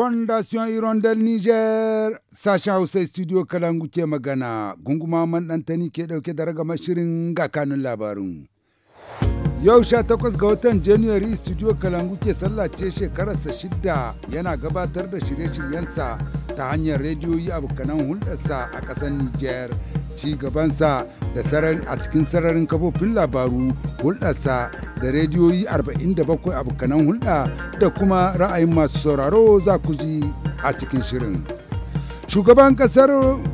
Fondation irondel Niger Sacha Hausa Studio Kalangu ke magana gunguma man tani ke ɗauke da ragamar shirin ga kanun labarin. Yau sha 18 ga watan January Studio Kalangu ke sallace shekararsa shidda yana gabatar da shirye-shiryensa ta hanyar rediyoyi abokanan hulɗarsa a ƙasar Nijar. Ci gabansa da a cikin sararin kafofin labaru hulɗarsa da rediyoyi 47 abokanan hulɗa da kuma ra'ayin masu sauraro za ku ji a cikin shirin. Shugaban ƙasar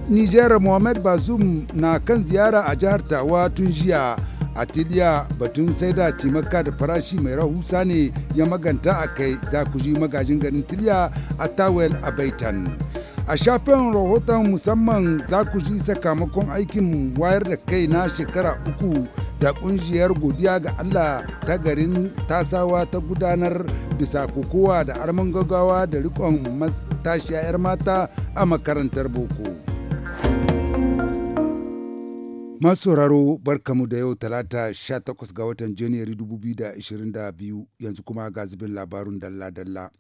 Nijar Mohamed Bazoum na kan ziyara a jihar Tawa tun jiya. a tiliya batun sai da cimaka da farashi mai rahusa ne ya maganta a kai za ku ji magajin garin tiliya a tawel a baitan a shafin rahoton musamman za ku ji sakamakon aikin wayar da kai na shekara uku da kungiyar godiya ga allah ta garin tasawa ta gudanar bisa kokowa da arman gaggawa da rikon matashiya 'yar mata a makarantar boko. Masauraro barkamu da yau talata 18 ga watan Janairu 2022 yanzu kuma ga zubin labarun dalla-dalla.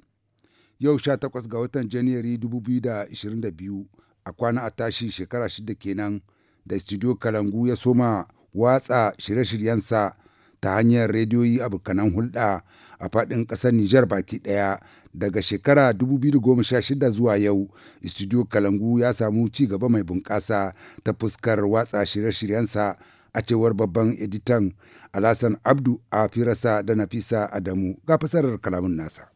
Yau 18 ga watan Janairu 2022 a kwana a tashi shekara shida kenan da studio Kalangu ya soma watsa shirye-shiryensa ta hanyar rediyoyi abokanan hulɗa a faɗin ƙasar Nijar baki ɗaya daga shekara 2016 zuwa yau studio kalangu ya samu ci gaba mai bunƙasa ta fuskar watsa shirye-shiryensa a cewar babban editan alasan abdu a firarsa da nafisa adamu ga fasarar kalamun nasa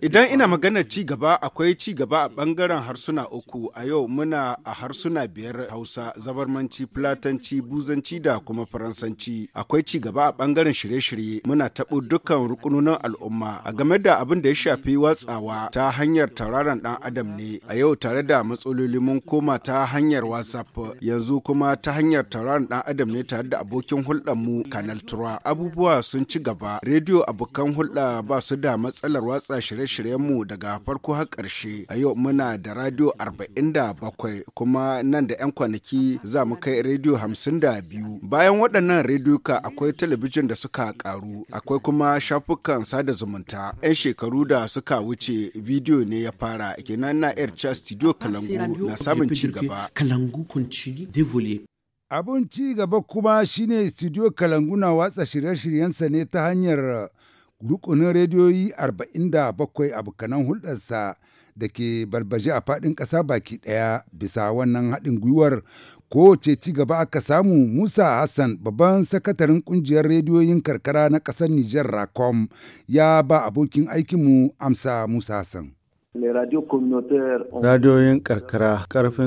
Idan ina maganar ci gaba akwai ci gaba a bangaren harsuna uku a yau muna a harsuna biyar Hausa, Zabarmanci, Fulatanci, Buzanci da kuma Faransanci. Akwai ci gaba a bangaren shirye-shirye muna taɓo dukkan rukunonin al'umma a game da abin da ya shafi watsawa ta hanyar tauraron dan adam ne a yau tare da matsaloli mun koma ta hanyar WhatsApp yanzu kuma ta hanyar tauraron dan adam ne tare da abokin hulɗar mu Kanal Tura. Abubuwa sun ci gaba, rediyo abokan hulɗa ba su da matsalar watsa shirye-shiryenmu daga farko har ƙarshe. A yau muna da radio 47 kuma nan da 'yan kwanaki za mu kai radio 52. Bayan waɗannan rediyoka akwai talabijin da suka ƙaru, akwai kuma shafukan sada zumunta. 'Yan shekaru da suka wuce bidiyo ne ya fara, kenan na Air Studio Kalangu na samun ci gaba. Abun ci gaba kuma shine studio Kalangu na watsa shirye-shiryensa ne ta hanyar rukunin rediyoyi 47 abokanan hulɗarsa da ke balbaje a faɗin ƙasa baki ɗaya bisa wannan haɗin gwiwar kowace ci gaba aka samu musa hassan babban sakataren ƙungiyar rediyoyin karkara na ƙasar Niger rakom ya ba abokin aikinmu amsa musa hassan Radiyoyin karkara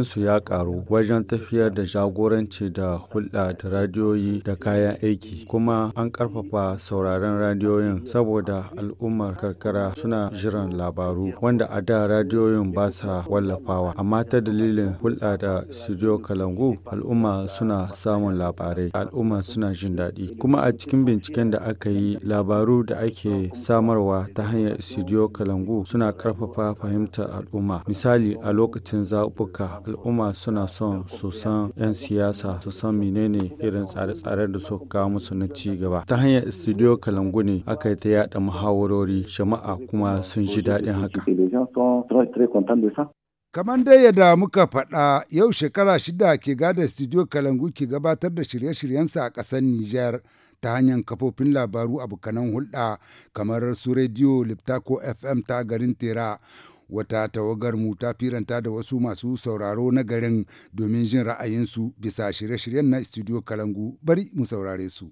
su ya karu wajen tafiyar da jagoranci da hulɗa da radiyoyi da kayan aiki kuma an karfafa sauraron radiyoyin saboda al'ummar karkara suna jiran labaru wanda a da radiyoyin ba sa wallafawa amma ta dalilin hulɗa da studio kalangu al'umma suna samun labarai al'umma suna jin daɗi kuma a cikin binciken da aka yi labaru da ake samarwa ta hanyar studio kalangu suna karfafa fahimtar al'umma misali a lokacin zaɓuka al'umma suna son su san 'yan siyasa su san menene irin tsare-tsare da suka kawo musu na ci gaba ta hanyar studio kalangu ne aka yi ta yada muhawarori jama'a kuma sun ji daɗin haka kamar dai yadda muka faɗa yau shekara shida ke gada studio kalangu ke gabatar da shirye-shiryensa a ƙasar nijar. ta hanyar kafofin labaru a abokanan hulɗa kamar su rediyo ko fm ta garin tera wata tawagar mu ta firanta da wasu masu sauraro na garin domin jin ra'ayinsu bisa shirye-shiryen na studio kalangu bari mu saurare su.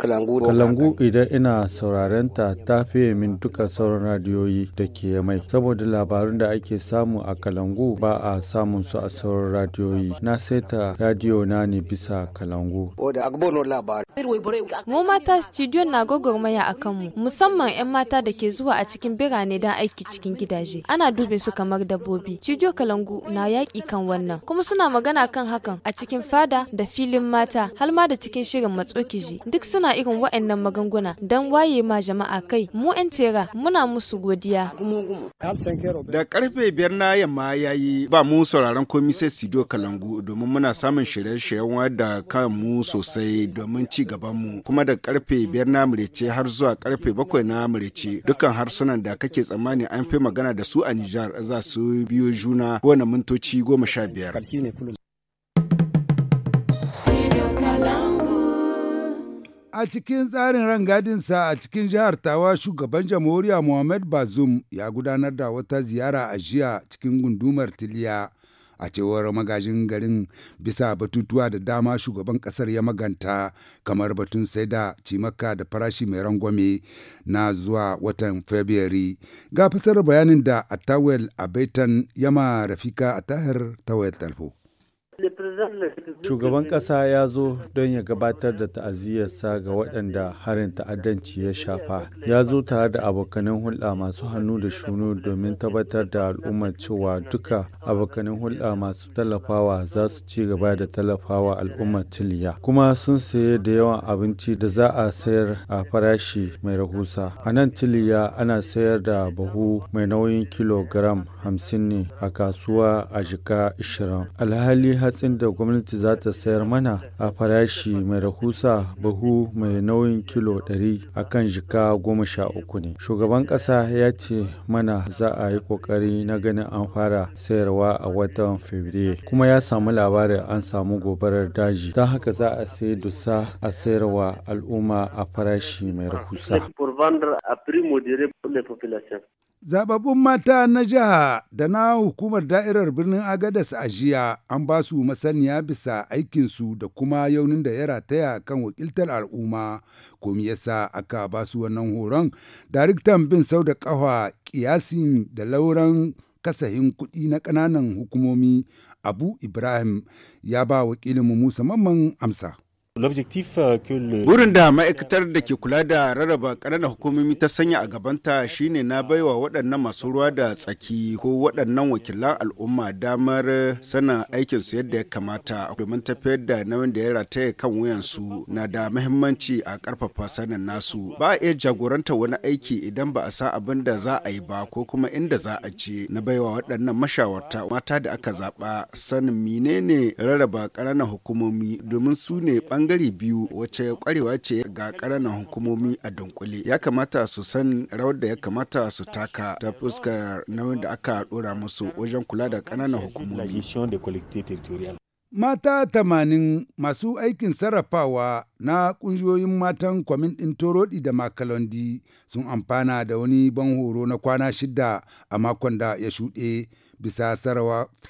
kalangu idan ina sauraren ta ta fi min duka sauran radiyoyi da ke mai saboda labarun da ake samu a kalangu ba a samun su a sauran radiyoyi na ta radiyo na ne bisa kalangu mu mata studio na gwagwarmaya a kanmu musamman 'yan mata da ke zuwa a cikin birane don aiki cikin gidaje ana dube su kamar dabbobi studio kalangu na yaƙi kan wannan kuma suna magana kan hakan a cikin fada da filin mata har ma da cikin shirin matsokiji duk suna suna irin waɗannan magunguna don waye ma jama'a kai mu 'yan tera muna musu godiya. Da karfe biyar na yamma ya yi ba mu sauraron komi sai Sido Kalangu domin muna samun shirye-shiryen da kanmu sosai domin ci gabanmu kuma da karfe biyar na murece har zuwa karfe bakwai na murece dukkan harsunan da kake tsammani an fi magana da su a Nijar za su biyo juna kowane mintoci goma sha biyar. A cikin tsarin rangadinsa a cikin jihar Tawa shugaban jamhuriya Mohamed Bazoum ya gudanar da wata ziyara a jiya cikin gundumar Tiliya. A cewar magajin garin bisa batutuwa da dama shugaban kasar ya maganta kamar batun sai da cimaka da farashi mai rangwame na zuwa watan Fabrairu. Ga fasar bayanin da a a baitan Yama Rafika a tahir Tawel Talfo. Shugaban ƙasa ya zo don ya gabatar da ta'aziyarsa ga waɗanda harin ta'addanci ya shafa. Ya zo tare da abokanin hulɗa masu hannu da shunu domin tabbatar da al'ummar cewa duka abokanin hulɗa masu tallafawa za su ci gaba da tallafawa al'ummar Tiliya. Kuma sun saye da yawan abinci da za a sayar a farashi mai rahusa. A nan Tiliya ana sayar da buhu mai nauyin kilogram hamsin ne a kasuwa a jika 20. Alhali hatsin da da gwamnati za ta sayar mana a farashi mai rahusa buhu mai nauyin kilo 100 a kan jika goma sha uku ne. Shugaban ƙasa ya ce mana za a yi ƙoƙari na ganin an fara sayarwa a watan Fabrairu. Kuma ya samu labarin an samu gobarar daji. Don haka za a sayi dusa a sayarwa al'umma a farashi mai rahusa. Zababbun mata na jiha da na hukumar da'irar birnin Agadas a jiya an ba su masaniya bisa aikinsu da kuma yaunin da ya rataya kan wakiltar al'umma. Komi yasa aka ba su wannan horon, daraktan bin sau da ƙafa kiyasin da lauran kasahin kuɗi na ƙananan hukumomi Abu Ibrahim ya ba wakilinmu Musa Mamman amsa. Euh, Burin da ma'aikatar da ke kula da rarraba ƙananan hukumomi ta sanya a gabanta shine na baiwa waɗannan masu ruwa da tsaki ko waɗannan wakilan al'umma damar sana aikinsu yadda ya kamata domin tafiyar da nauyin da ya rataya kan wuyansu na da muhimmanci a ƙarfafa sanin nasu. Ba a iya jagoranta wani aiki idan ba a san abin da za a yi ba ko kuma inda za a je na baiwa waɗannan mashawarta mata da aka zaɓa sanin menene rarraba ƙananan hukumomi domin su ne ɓangare bangare biyu wacce kwarewa ce ga ƙananan hukumomi a dunkule ya kamata su san rawar da ya kamata su taka ta fuskar nauyin da aka dora musu wajen kula da ƙananan hukumomi Mata tamanin masu aikin sarrafawa na ƙungiyoyin matan kwamin ɗin Torodi da Makalondi sun amfana da wani ban horo na kwana shida a makon da ya shuɗe. bisa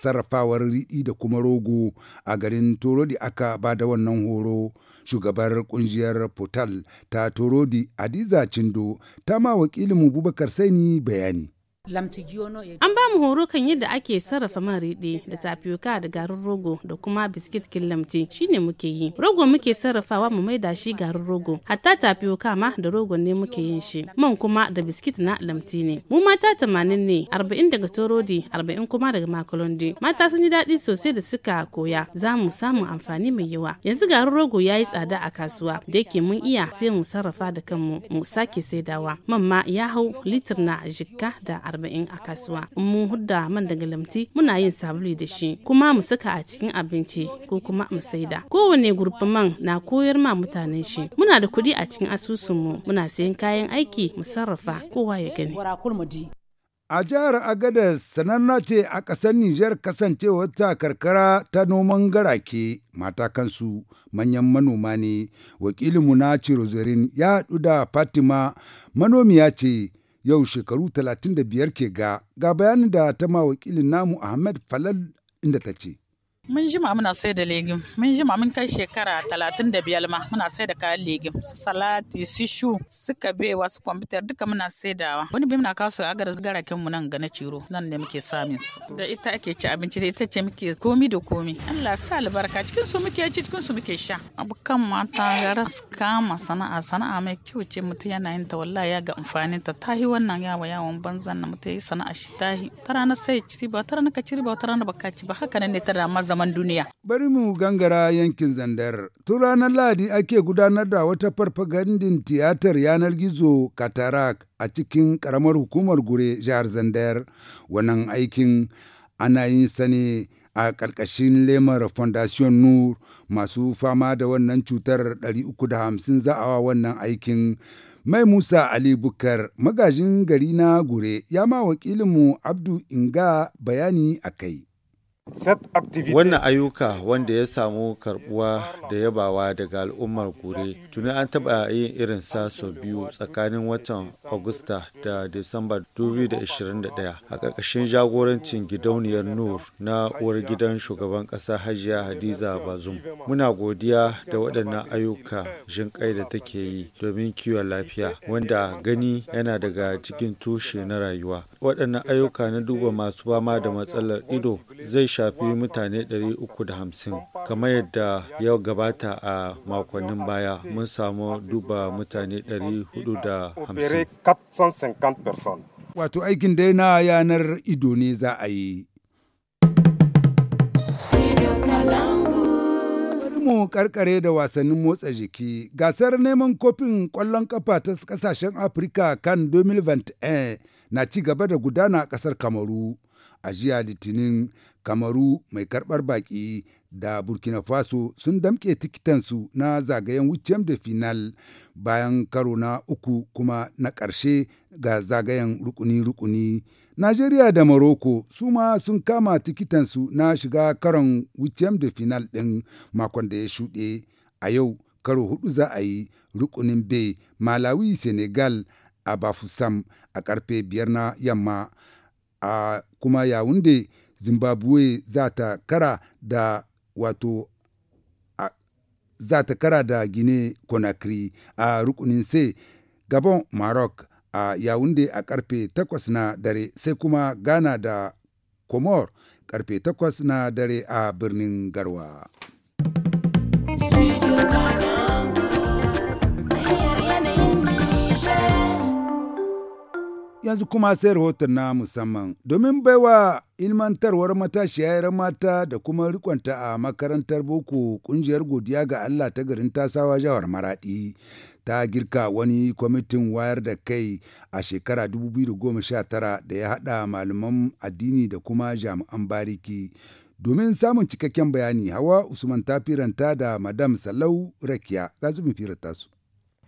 sarrafawar riɗi da kuma rogo a garin torodi aka ba da wannan horo shugabar kungiyar portal ta torodi hadiza cindo ta ma wakilin mu bubakar saini bayani An ba mu horo kan yadda ake sarrafa man riɗi da tapioca da garin rogo da kuma biskit kin lamti shine muke yi. Rogo muke sarrafawa mu maida shi garin rogo. Hatta tapioca ma da rogo ne muke yin shi. Man kuma da biskit na lamti ne. Mu mata tamanin ne, arba'in daga torodi, arba'in kuma daga makalondi. Mata sun yi daɗi sosai da suka koya. Za mu samu amfani mai yawa. Yanzu garin rogo ya yi tsada a kasuwa. Da yake mun iya sai mu sarrafa da kanmu mu sake saidawa. Man ma ya hau litir na jikka da arba'in. arba'in a kasuwa in mun hudda man daga lamti muna yin sabulu da shi kuma mu saka a cikin abinci ko kuma mu saida kowane gurbin man na koyar ma mutanen shi muna da kuɗi a cikin asusunmu muna sayan kayan aiki mu sarrafa kowa ya gani A jihar Agadez sananna ce a ƙasar Nijar kasancewar ta karkara ta noman garake mata kansu manyan manoma ne wakilinmu na cirozarin ya haɗu da Fatima manomiya ce yau shekaru 35 ke ga ga bayanin da ta ma wakilin namu Ahmed Falal inda ta ce. mun jima muna sai da legim mun jima mun kai shekara talatin da biyar ma muna sai da kayan legim su salati su shu su kabewa wasu kwamfutar duka muna wani bi muna kawo su a garakin mu nan ga na ciro nan ne muke samun su da ita ake ci abinci da ita ce muke komi da komi Allah sa albarka cikin su muke ci cikin su muke sha abukan mata gara su kama sana'a sana'a mai kyau ce mutum yana yin ta wallahi ya ga amfanin ta tahi wannan yawa yawon banzan na mutum ya yi sana'a shi tahi ta rana sai ci ba ta ka ciri ba ta rana ba ka ci ba haka ne ta da zaman duniya. Bari mu gangara yankin zandar. Tun ranar Lahadi ake gudanar da wata farfagandin tiyatar yanar gizo Katarak a cikin ƙaramar hukumar gure jihar Zandar. Wannan aikin ana yin sani a ƙarƙashin lemar foundation Nur masu fama da wannan cutar 350 za a wannan aikin. Mai Musa Ali Bukar magajin gari na gure ya ma wakilinmu Abdu Inga bayani a kai. Wannan ayyuka wanda ya samu karbuwa da yabawa daga al'ummar gure tuni an taɓa yin irin sa sau biyu tsakanin watan Agusta da Disamba 2021 a ƙarƙashin jagorancin gidauniyar Nur na uwar gidan shugaban ƙasa Hajiya Hadiza Bazum. Muna godiya da waɗannan ayyuka jinƙai da take yi domin kiwon lafiya wanda gani yana daga cikin tushe na rayuwa. Waɗannan ayyuka na duba masu fama da matsalar ido zai shafi mutane 350 kamar yadda ya gabata a makonnin baya mun samu duba mutane 450 wato aikin dai na yanar ido ne za a yi mu karkare da wasannin motsa jiki gasar neman kofin ƙwallon kafa ta kasashen afirka kan 2021 na ci gaba da gudana a ƙasar kamaru a jiya litinin kamaru mai karbar baki da burkina faso sun damƙe tikitansu na zagayen wucem da final bayan karo na uku kuma na ƙarshe ga zagayen rukuni-rukuni nigeria da morocco su ma sun kama tikitansu na shiga karon wucem da final ɗin makon da ya shuɗe a yau karo hudu za a yi rukunin b malawi senegal a bafusam a karfe biyar na yamma a kuma yawun yawunde zimbabwe za ta kara da wato za ta kara da gine conakry a rukunin sai gabon maroc a yawunde a karfe 8 na dare sai kuma ghana da comor karfe 8 na dare a birnin garwa. yanzu kuma sai rahoton na musamman domin baiwa ilmantarwar matashiya yaran mata da kuma rikonta a makarantar boko kungiyar godiya ga allah ta garin tasawa jawar maradi ta girka wani kwamitin wayar da kai a shekara 2019 da ya haɗa malaman addini da kuma jami'an bariki domin samun cikakken bayani hawa usman ta firanta da madam salau rakiya ga zubin firata su.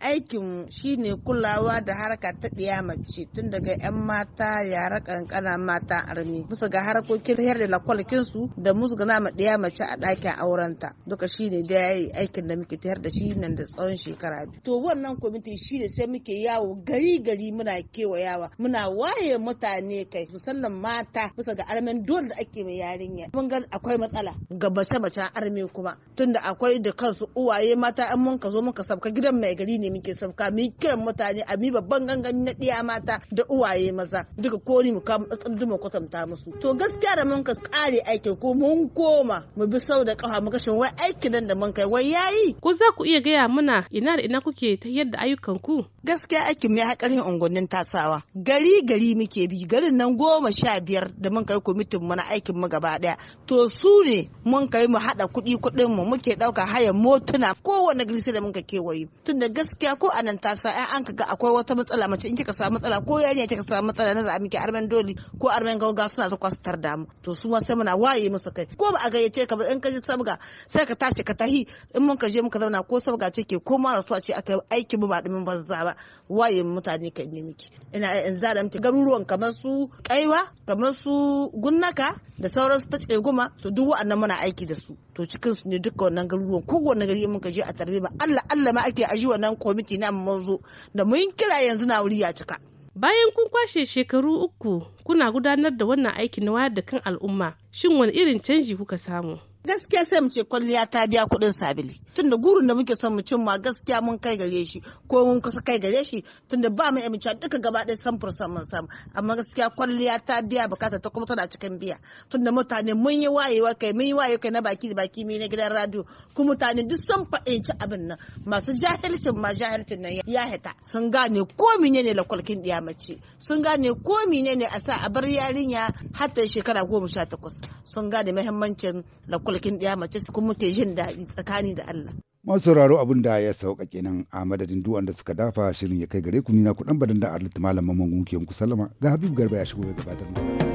aikin shi ne kulawa da harka ta ɗiya mace tun daga 'yan mata yara kankana mata armi musu ga harkokin hiyar da lakwalkin su da musu ga nama ɗiya mace a ɗakin aurenta duka shi ne da yayi aikin da muke tayar da shi nan da tsawon shekara biyu to wannan kwamiti ne sai muke yawo gari gari muna kewayawa muna waye mutane kai musallan mata bisa ga armen dole da ake mai yarinya mun ga akwai matsala ga mace mace arme kuma tunda akwai da kansu uwaye mata an mun ka zo muka sabka gidan mai gari ne muke sauka mu kiran mutane a mi babban gangami na ɗiya mata da uwaye maza duka kori mu kama mu kwatanta musu to gaskiya da mun ka kare aikin ko mun koma mu bi sau da kafa mu kashe wai aikin nan da mun kai wai yayi ko za ku iya gaya mana ina da ina kuke ta yadda ayyukan ku gaskiya aikin mai haƙarin unguwannin tasawa gari gari muke bi garin nan goma sha biyar da mun kai kwamitin mu na aikin mu gaba daya to su ne mun kai mu haɗa kuɗi kuɗin mu muke ɗauka hayan motuna kowane gari sai da mun ka kewaye tun gaskiya gaskiya ko anan ta sa ai an kaga akwai wata matsala mace in kika samu matsala ko yarinya kika samu matsala na za miki armen doli ko armen gauga suna zuwa su tarda mu to su ma sai muna waye musu kai ko ba a gayyace ka ba in ka ji sabga sai ka tashi ka tahi in mun ka je muka zauna ko sabga ce ke ko ma rasuwa ce aka aiki mu ba dumin banza ba waye mutane kan ne miki ina in za miki garuruwan kamar su kaiwa kamar su gunnaka da sauransu ta ce guma to duk wa'annan muna aiki da su to cikin su ne duka wannan garuruwan ko wannan gari mun ka je a tarbe ba Allah Allah ma ake ajiwa wannan ko kwamiti na mun zo da mun kira yanzu na wuri ya cika bayan kun kwashe shekaru uku kuna gudanar da wannan aikin na wayar da kan al'umma shin wani irin canji kuka samu gaskiya sai mu ce kwalliya ta biya kuɗin sabili tunda gurin da muke son mu cimma gaskiya mun kai gare shi ko mun kusa kai gare shi tunda ba mu amince duka gaba ɗaya samfur mun samu amma gaskiya kwalliya ta biya bukata ta kuma tana cikin biya tunda mutane mun yi wayewa kai mun yi wayewa kai na baki da baki mai na gidan radio kuma mutane duk sun fa'inci abin nan masu jahilcin ma jahilcin nan ya hita sun gane ko ne lakwalkin ɗiya mace sun gane ko ne a sa a bar yarinya har ta shekara goma sha takwas sun gane muhimmancin lakwalkin kulkin ɗaya mace kuma ke jin daɗi tsakani da Allah. masu sauraro abin da ya sauka nan a madadin duwan da suka dafa shirin ya kai gare ku nina kuɗan badan da arlit malam mamman gunki ku sallama ga habibu garba ya shigo ya gabatar da